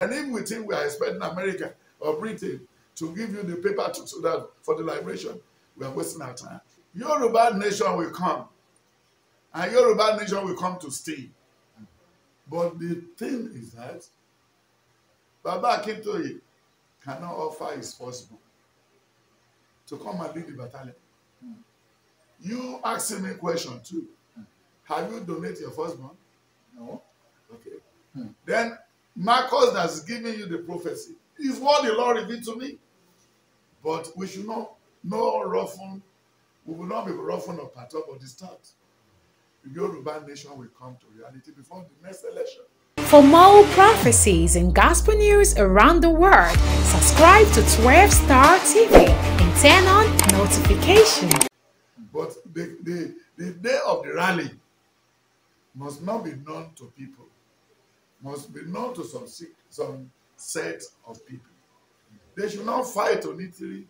And if we think we are expecting America or Britain to give you the paper to Sudan for the liberation. We are wasting our time. Yoruba nation will come. And Yoruba nation will come to stay. But the thing is that Baba Akintoye cannot offer his possible to come and lead the battalion. You asked me a question too. Have you donated your firstborn? No. Okay. Mm. Then Marcus that's giving you the prophecy is what the Lord revealed to me. But we should not, no roughen, we will not be roughened or part of the start. The Yoruba nation will come to reality before the next election. For more prophecies and gospel news around the world, subscribe to 12 Star TV and turn on notifications. But the, the, the day of the rally must not be known to people. must be known to some, some set of people. They should not fight on Italy.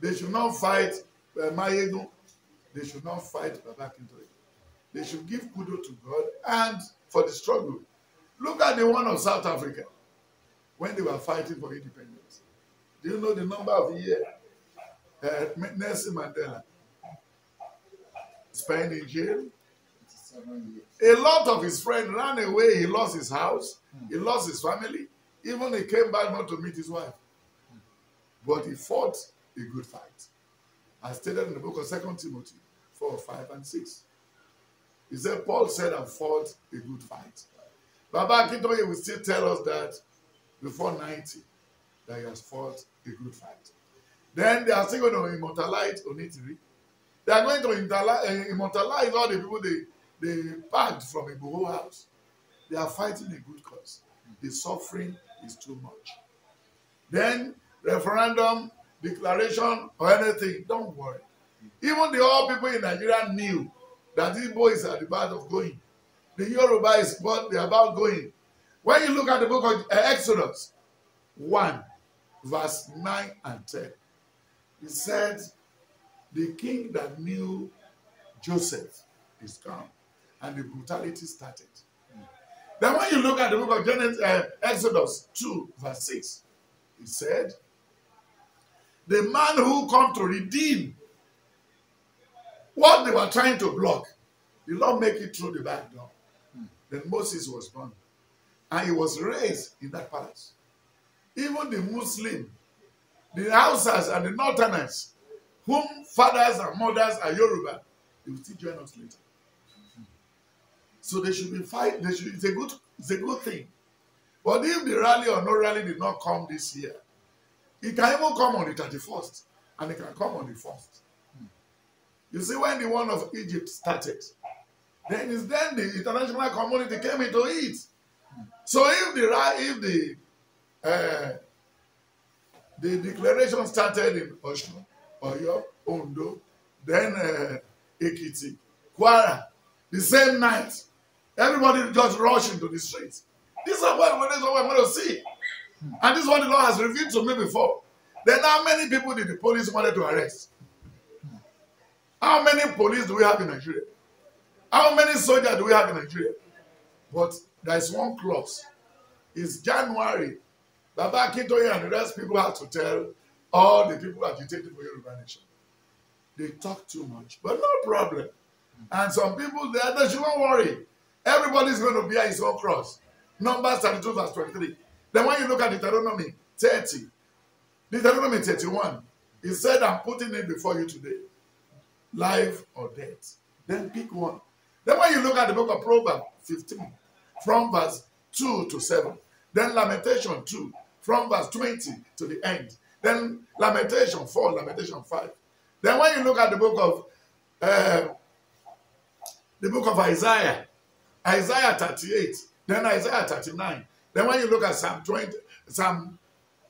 They should not fight uh, Mayegun. They should not fight Baba Akintoye. They should give kudo to God and for the struggle. Look at the one of South Africa when they were fighting for independence. Do you know the number of years uh, Nelson Mandela spent in jail? A lot of his friends ran away. He lost his house. He lost his family. Even he came back not to meet his wife. But he fought a good fight. I stated in the book of Second Timothy 4, 5, and 6. He said, Paul said, I fought a good fight. Baba Akintoye will still tell us that before 90, that he has fought a good fight. Then they are still going to immortalize Onitiri. They are going to eh, immortalize all the people they They part from a whole house. They are fighting a good cause. The suffering is too much. Then referendum, declaration, or anything, don't worry. Even the old people in Nigeria knew that these boys are the back of going. The Yoruba is what they're about going. When you look at the book of eh, Exodus 1, verse 9 and 10, it says, The king that knew Joseph is come and the brutality started. Then when you look at the book of Genesis, uh, Exodus 2, verse 6, he said, The man who come to redeem what they were trying to block, the not make it through the back door. Mm. Then Moses was born. And he was raised in that palace. Even the Muslim, the Hausas and the Northerners, whom fathers and mothers are Yoruba, they will still join us later. So they should be fine. They should, it's a good it's a good thing. But if the rally or no rally did not come this year, it can even come on the 31st and it can come on the 1st. Hmm. You see, when the one of Egypt started, then it's then the international community came into it. Hmm. So if the if the uh, the declaration started in Osun, Oyo, Ondo, then uh, Ekiti, Kwara, the same night Everybody just rush into the streets. This is what, this is what I'm going to see. And this is what the Lord has revealed to me before. There are many people that the police wanted to arrest? How many police do we have in Nigeria? How many soldiers do we have in Nigeria? But there is one clause. It's January. Baba Akintoye and the rest people have to tell all the people agitated for Yoruba nation. They talk too much, but no problem. And some people there, they shouldn't worry. Everybody's going to bear his own cross. Numbers 32, verse 23. Then when you look at Deuteronomy 30, Deuteronomy 31, he said, I'm putting it before you today life or death. Then pick one. Then when you look at the book of Proverbs 15, from verse 2 to 7, then Lamentation 2, from verse 20 to the end, then Lamentation 4, Lamentation 5. Then when you look at the book of uh, the book of Isaiah, Isaiah 38, then Isaiah 39. Then when you look at Psalm 20, Psalm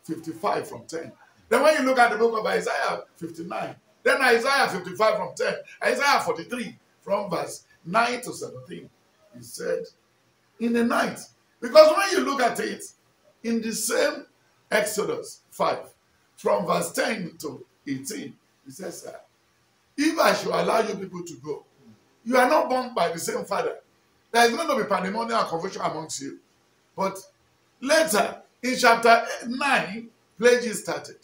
55 from 10. Then when you look at the book of Isaiah 59, then Isaiah 55 from 10, Isaiah 43 from verse 9 to 17, he said, in the night. Because when you look at it, in the same Exodus 5, from verse 10 to 18, he says, If I should allow you people to go, you are not born by the same father. There is going to be pandemonium and confusion amongst you. But later, in chapter 9, plagues started.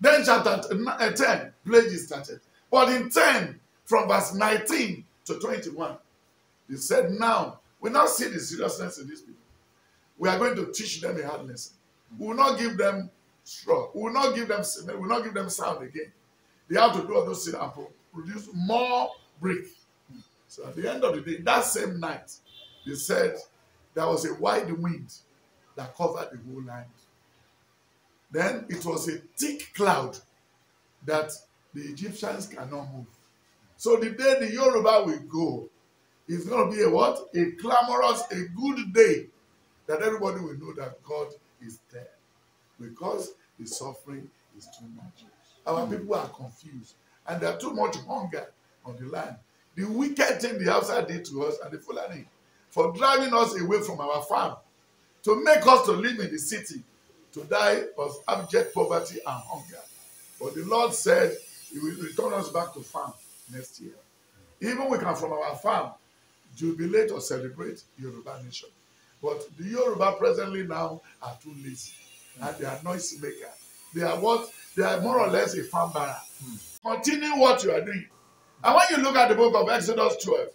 Then chapter 10, eh, plagues started. But in 10, from verse 19 to 21, he said, Now, we now see the seriousness in these people. We are going to teach them a hard lesson. We will not give them straw. We will not give them cement. We will not give them sound again. They have to do all those things and produce more brick So at the end of the day, that same night, he said there was a wide wind that covered the whole land. Then it was a thick cloud that the Egyptians cannot move. So the day the Yoruba will go, it's going to be a what? A clamorous, a good day that everybody will know that God is there because the suffering is too much. Our people are confused and there are too much hunger on the land the wicked thing the Hausa did to us and the Fulani for driving us away from our farm to make us to live in the city to die of abject poverty and hunger. But the Lord said he will return us back to farm next year. Even we come from our farm jubilate or celebrate Yoruba nation. But the Yoruba presently now are too lazy mm. and they are noise They are what they are more or less a farm barrack. Mm. Continue what you are doing. And when you look at the book of Exodus 12,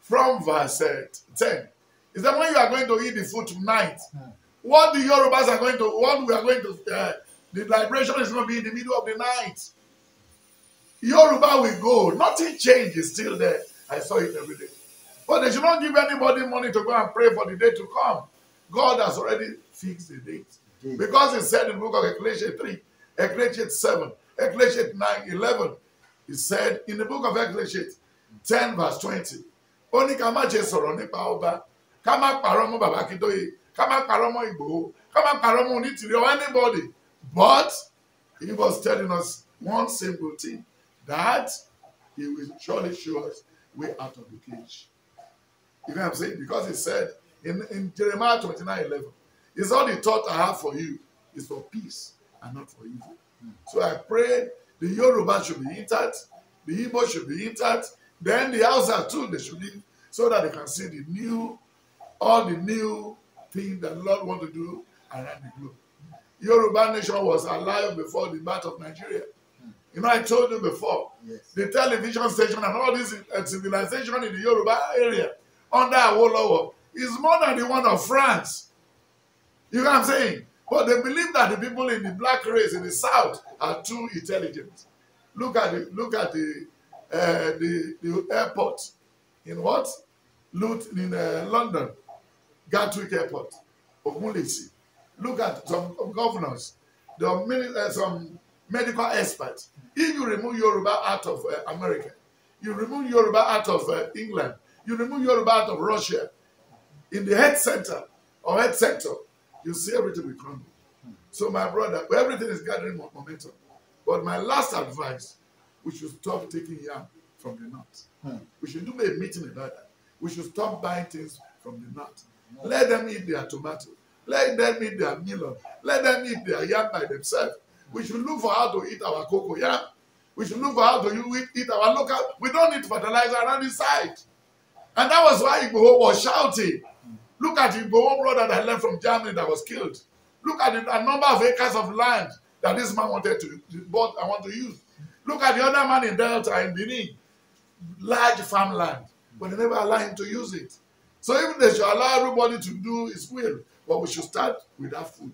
from verse uh, 10, is that when you are going to eat the food tonight, hmm. what the Yorubas are going to, what we are going to, uh, the liberation is going to be in the middle of the night. Yoruba will go. Nothing changes still there. I saw it every day. But they should not give anybody money to go and pray for the day to come. God has already fixed the date. Because it said in the book of Ecclesiastes 3, Ecclesiastes 7, Ecclesiastes 9, 11, he said in the book of Ecclesiastes, ten verse twenty ó ní ká má ṣe sọ̀rọ̀ nípa ọba ká má parọ́ mọ́ bàbá Akíntóyè ká má parọ́ mọ́ Ìgbòho ká má parọ́ mọ́ Onítìrí or anybody but he was telling us one simple thing that he will surely show us way out of the cage you know what I'm saying because he said in in Jeremiah twenty-nine eleven it's all the thought I have for you is for peace and not for evil mm. so I pray The Yoruba should be entered, The Igbo should be entered, Then the Hausa too, they should be so that they can see the new, all the new things that the Lord want to do around the globe. Yoruba nation was alive before the birth of Nigeria. You know, I told you before, yes. the television station and all this uh, civilization in the Yoruba area under Awolowo is more than the one of France. You know what I'm saying? But they believe that the people in the black race in the south are too intelligent. Look at the look at the uh, the, the airport in what? Luton in uh, London, Gatwick Airport, Ogunlesi. Look at some governors, the, uh, some medical experts. If you remove Yoruba out of uh, America, you remove Yoruba out of uh, England, you remove Yoruba out of Russia, in the head center or head sector, you see everything will crumble. So, my brother, everything is gathering momentum. But my last advice, we should stop taking yam from the north. Hmm. We should do a meeting about that. We should stop buying things from the north. No. Let them eat their tomato. Let them eat their melon. Let them eat their yam by themselves. Hmm. We should look for how to eat our cocoa yam. We should look for how to eat, our local. We don't need fertilizer on the side. And that was why Igboho was shouting Look at the Igbo brother that left from Germany that was killed. Look at the number of acres of land that this man wanted to bought I want to use. Look at the other man in Delta in Benin, large farmland, but they never allow him to use it. So even they should allow everybody to do his will, but we should start with that food.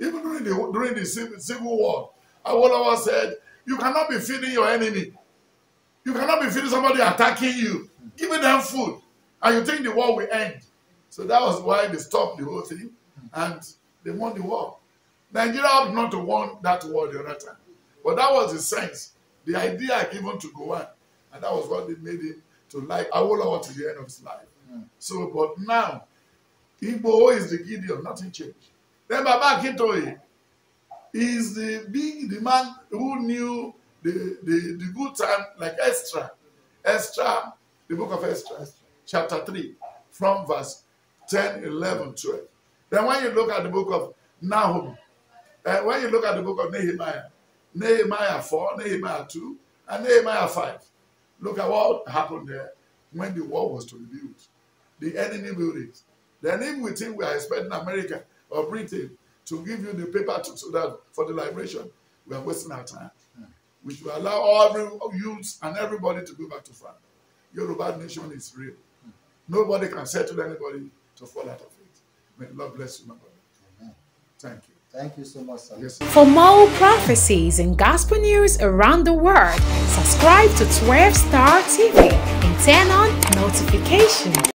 Even during the during the civil, civil war, Awolowo said, "You cannot be feeding your enemy. You cannot be feeding somebody attacking you. Giving them food, and you think the war will end." So that was why they stopped the whole thing and they won the war. Nigeria ought not to won that war the other time. But that was the sense, the idea given to Gowan. And that was what they made him to like Awolowo to the end of his life. So, but now, Igbo is the Gideon, nothing changed. Then Baba Akintoye is the big, the man who knew the, the, the good time, like Estra. Estra, the book of Estra, chapter 3, from verse 10, 11, 12. Then when you look at the book of Nahum, uh, when you look at the book of Nehemiah, Nehemiah 4, Nehemiah 2, and Nehemiah 5, look at what happened there when the wall was to be built. The enemy built it. Then if we think we are expecting America or Britain to give you the paper to, so that for the liberation, we are wasting our time. Yeah. We should allow every youth and everybody to go back to farm. Yoruba nation is real. Nobody can settle anybody to fall out of it. May the Lord bless you, my brother. Amen. Thank you. Thank you so much, sir. Yes, sir. For more prophecies and gospel news around the world, subscribe to 12 Star TV and turn on notifications.